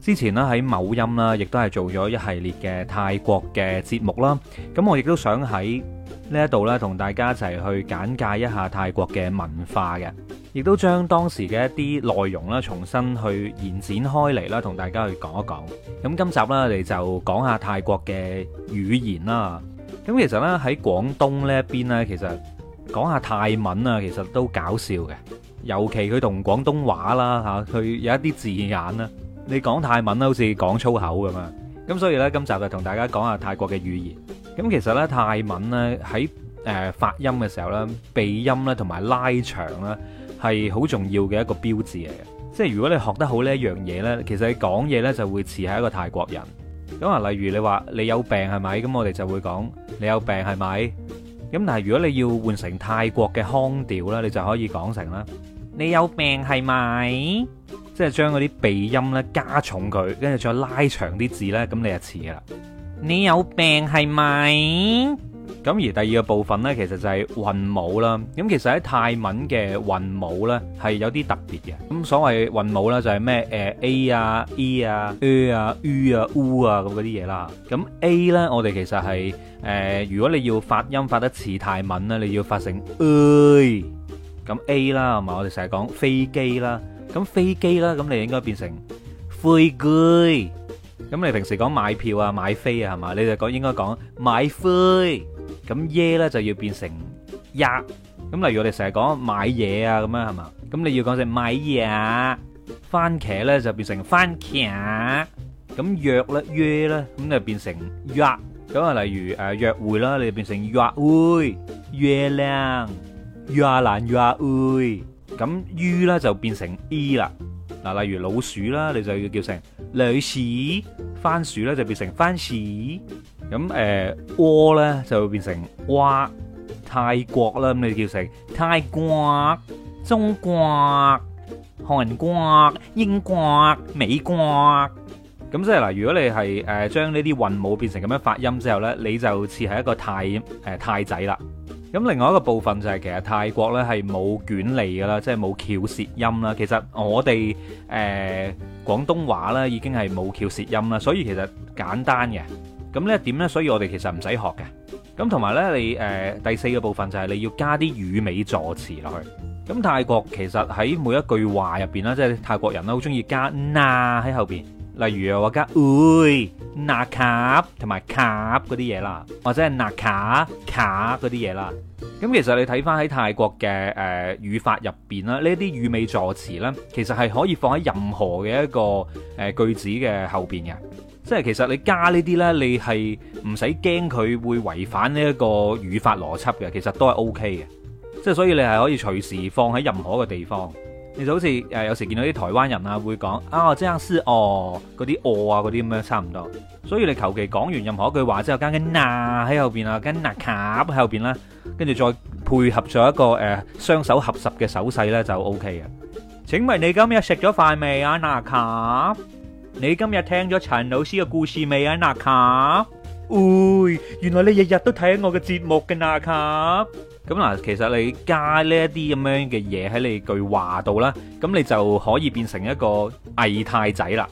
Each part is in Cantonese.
之前咧喺某音啦，亦都係做咗一系列嘅泰國嘅節目啦。咁我亦都想喺呢一度咧，同大家一齊去簡介一下泰國嘅文化嘅，亦都將當時嘅一啲內容啦，重新去延展開嚟啦，同大家去講一講。咁今集咧，我哋就講下泰國嘅語言啦。咁其實咧喺廣東呢一邊咧，其實講下泰文啊，其實都搞笑嘅，尤其佢同廣東話啦吓，佢有一啲字眼啦。你講泰文咧，好似講粗口咁樣！咁所以呢，今集就同大家講下泰國嘅語言。咁其實呢，泰文呢喺誒發音嘅時候呢，鼻音咧同埋拉長呢係好重要嘅一個標誌嚟嘅。即係如果你學得好呢一樣嘢呢，其實你講嘢呢就會似係一個泰國人。咁啊，例如你話你有病係咪？咁我哋就會講你有病係咪？咁但係如果你要換成泰國嘅腔調呢，你就可以講成啦：你有病係咪？即係將嗰啲鼻音咧加重佢，跟住再拉長啲字咧，咁你就似啦。你有病係咪？咁而第二個部分咧，其實就係韻母啦。咁其實喺泰文嘅韻母咧係有啲特別嘅。咁所謂韻母咧就係咩？誒 a 啊、e 啊、u 啊、u 啊、u 啊咁嗰啲嘢啦。咁 a 咧，我哋其實係誒，如果你要發音發得似泰文咧，你要發成 a。咁 a 啦，係嘛？我哋成日講飛機啦。咁飛機啦，咁你應該變成灰居。咁你平時講買票啊、買飛啊，係嘛？你就講應該講買灰。咁嘢咧就要變成吔。咁例如我哋成日講買嘢啊，咁樣係嘛？咁你要講只買嘢啊。番茄咧就變成番茄。咁約咧、約咧，咁就變成約。咁啊，例如誒約會啦，你就變成約會。月亮、月亮、約會。咁 u 咧就變成 e 啦，嗱，例如老鼠啦，你就要叫成女士；番薯咧就變成番薯。咁誒，o 咧就會變成哇。泰國啦，咁你就叫成泰國、中國、韓國、英國、美國。咁即係嗱，如果你係誒、呃、將呢啲韻母變成咁樣發音之後咧，你就似係一個泰誒、呃、泰仔啦。咁另外一個部分就係其實泰國呢係冇捲脷嘅啦，即係冇翹舌音啦。其實我哋誒廣東話呢已經係冇翹舌音啦，所以其實簡單嘅。咁呢一點呢，所以我哋其實唔使學嘅。咁同埋呢，你誒、呃、第四個部分就係你要加啲語尾助詞落去。咁泰國其實喺每一句話入邊呢，即係泰國人啦，好中意加 na 喺後邊。例如啊，我加會、納卡同埋卡嗰啲嘢啦，或者係納卡卡嗰啲嘢啦。咁其實你睇翻喺泰國嘅誒語法入邊啦，呢啲語尾助詞呢，其實係可以放喺任何嘅一個誒句子嘅後邊嘅。即係其實你加呢啲呢，你係唔使驚佢會違反呢一個語法邏輯嘅，其實都係 O K 嘅。即係所以你係可以隨時放喺任何一個地方，你就好似誒、呃、有時見到啲台灣人啊，會講、哦哦哦、啊我真係餓嗰啲餓啊嗰啲咁樣差唔多，所以你求其講完任何一句話之後跟個嗱喺後邊啊，跟嗱卡喺後邊啦，跟住再配合咗一個誒、呃、雙手合十嘅手勢咧就 O K 嘅。請問你今日食咗飯未啊？嗱卡，你今日聽咗陳老師嘅故事未啊？嗱卡，唉、哎，原來你日日都睇我嘅節目嘅嗱卡。咁嗱、嗯，其實你加呢一啲咁樣嘅嘢喺你句話度啦，咁你就可以變成一個偽泰仔啦。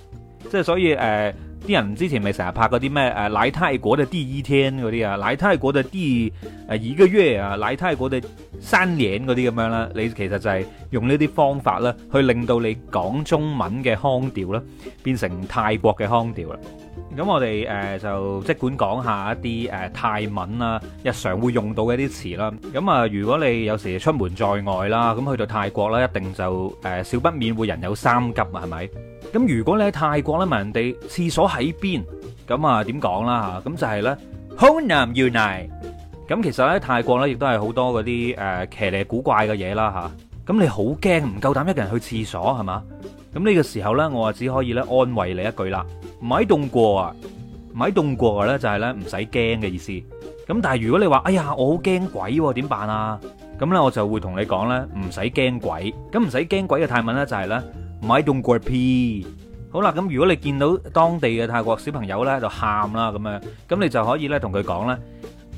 即係所以誒，啲、呃、人之前咪成日拍嗰啲咩誒來泰果泰國的第一天嗰啲啊，來泰國的第誒一個月啊，來泰國的。山野嗰啲咁樣啦，你其實就係用呢啲方法啦，去令到你講中文嘅腔調啦，變成泰國嘅腔調啦。咁我哋誒就即管講下一啲誒泰文啦，日常會用到嘅一啲詞啦。咁啊，如果你有時出門在外啦，咁去到泰國啦，一定就誒少不免會人有三急啊，係咪？咁如果你喺泰國咧，問人哋廁所喺邊，咁啊點講啦嚇？咁就係咧，Hong Nam Yu Nai。咁其實咧，泰國咧亦都係好多嗰啲誒騎呢古怪嘅嘢啦嚇。咁、啊、你好驚唔夠膽一個人去廁所係嘛？咁呢個時候呢，我啊只可以咧安慰你一句啦，唔喺凍過啊，唔喺凍過咧就係咧唔使驚嘅意思。咁但係如果你話哎呀，我好驚鬼點辦啊？咁呢，我就會同你講呢：「唔使驚鬼。咁唔使驚鬼嘅泰文呢、就係，就係呢「唔喺凍過 P。好啦，咁如果你見到當地嘅泰國小朋友呢，就喊啦咁樣，咁你就可以咧同佢講呢。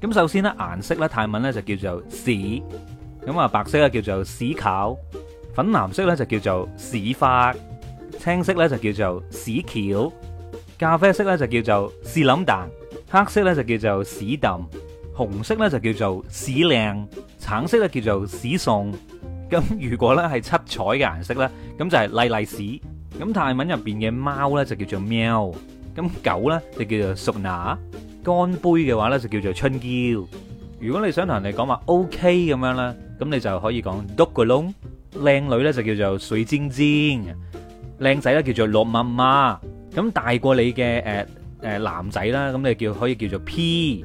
咁首先咧，顏色咧泰文咧就叫做屎，咁啊白色咧叫做屎考，粉藍色咧就叫做屎花，青色咧就叫做屎橋，咖啡色咧就叫做屎冧蛋，黑色咧就叫做屎揼，紅色咧就叫做屎靚，橙色咧叫做屎送。咁如果咧係七彩嘅顏色咧，咁就係麗麗屎。咁泰文入邊嘅貓咧就叫做喵，咁狗咧就叫做屬拿。乾杯嘅話咧就叫做春嬌。如果你想同人哋講話 OK 咁樣咧，咁你就可以講 Dokalong。靚女咧就叫做水晶晶，靚仔咧叫做落乜乜。咁大過你嘅誒誒男仔啦，咁你叫可以叫做 P。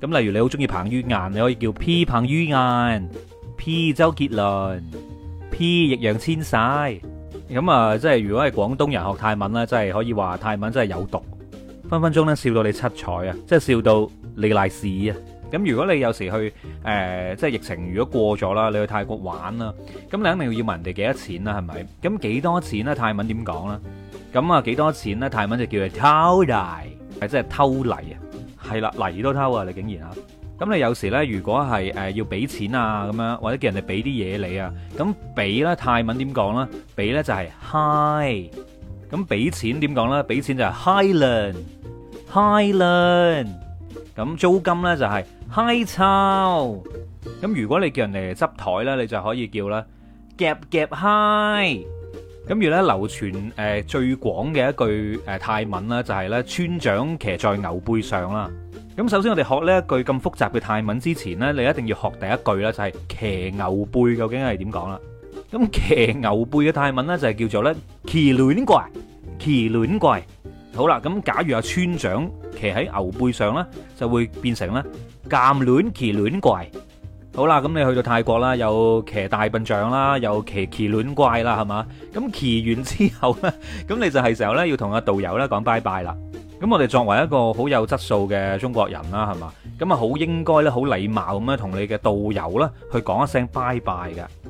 咁例如你好中意彭于晏，你可以叫 P 彭于晏、P 周杰倫、P 易烊千璽。咁啊，即係如果係廣東人學泰文咧，真係可以話泰文真係有毒。分分鐘咧笑到你七彩啊！即係笑到你賴屎啊！咁如果你有時去誒、呃，即係疫情如果過咗啦，你去泰國玩啦、啊，咁你肯定要問人哋幾多錢啦、啊，係咪？咁幾多錢咧？泰文點講咧？咁啊幾多錢咧？泰文就叫你偷嚟，係即係偷嚟啊！係啦，嚟都偷啊！你竟然啊？咁你有時咧，如果係誒要俾錢啊咁樣，或者叫人哋俾啲嘢你啊，咁俾咧泰文點講咧？俾咧就係 high。咁俾錢點講咧？俾錢就係 highland，highland。咁租金咧就係 high chow。咁如果你叫人嚟執枱咧，你就可以叫啦，gap gap high。咁而咧流傳誒最廣嘅一句誒泰文咧，就係咧村長騎在牛背上啦。咁首先我哋學呢一句咁複雜嘅泰文之前咧，你一定要學第一句啦，就係騎牛背究竟係點講啦？咁騎牛背嘅泰文呢就係叫做呢騎戀怪，騎戀怪。好啦，咁假如阿村長騎喺牛背上啦，就會變成呢監戀騎戀怪。好啦，咁你去到泰國啦，有騎大笨象啦，有騎騎戀怪啦，係嘛？咁騎完之後呢，咁你就係時候呢要同阿導遊呢講拜拜啦。咁我哋作為一個好有質素嘅中國人啦，係嘛？咁啊好應該呢，好禮貌咁樣同你嘅導遊呢去講一聲拜拜㗎。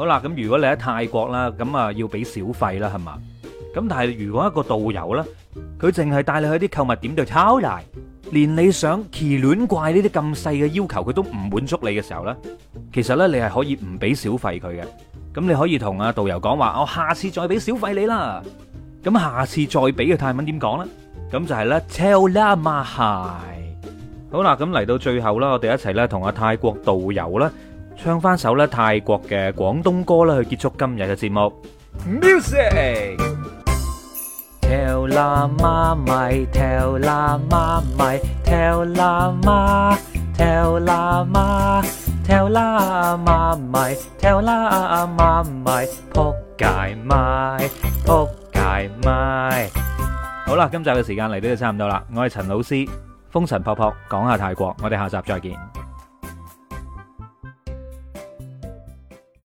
好啦，咁如果你喺泰國啦，咁啊要俾小費啦，係嘛？咁但係如果一個導遊咧，佢淨係帶你去啲購物點度抄賴，連你想奇戀怪呢啲咁細嘅要求，佢都唔滿足你嘅時候咧，其實咧你係可以唔俾小費佢嘅。咁你可以同阿導遊講話，我下次再俾小費你啦。咁下次再俾嘅泰文點講咧？咁就係咧，tell my hi。好啦，咁嚟到最後啦，我哋一齊咧同阿泰國導遊咧。唱翻首咧泰國嘅廣東歌啦，去結束今日嘅節目。Music。跳啦媽咪，跳啦媽咪，跳啦媽，跳啦媽，跳啦媽咪，跳啦媽咪扑街賣，扑街賣。好啦，今集嘅時間嚟到就差唔多啦，我係陳老師，風塵僕僕講下泰國，我哋下集再見。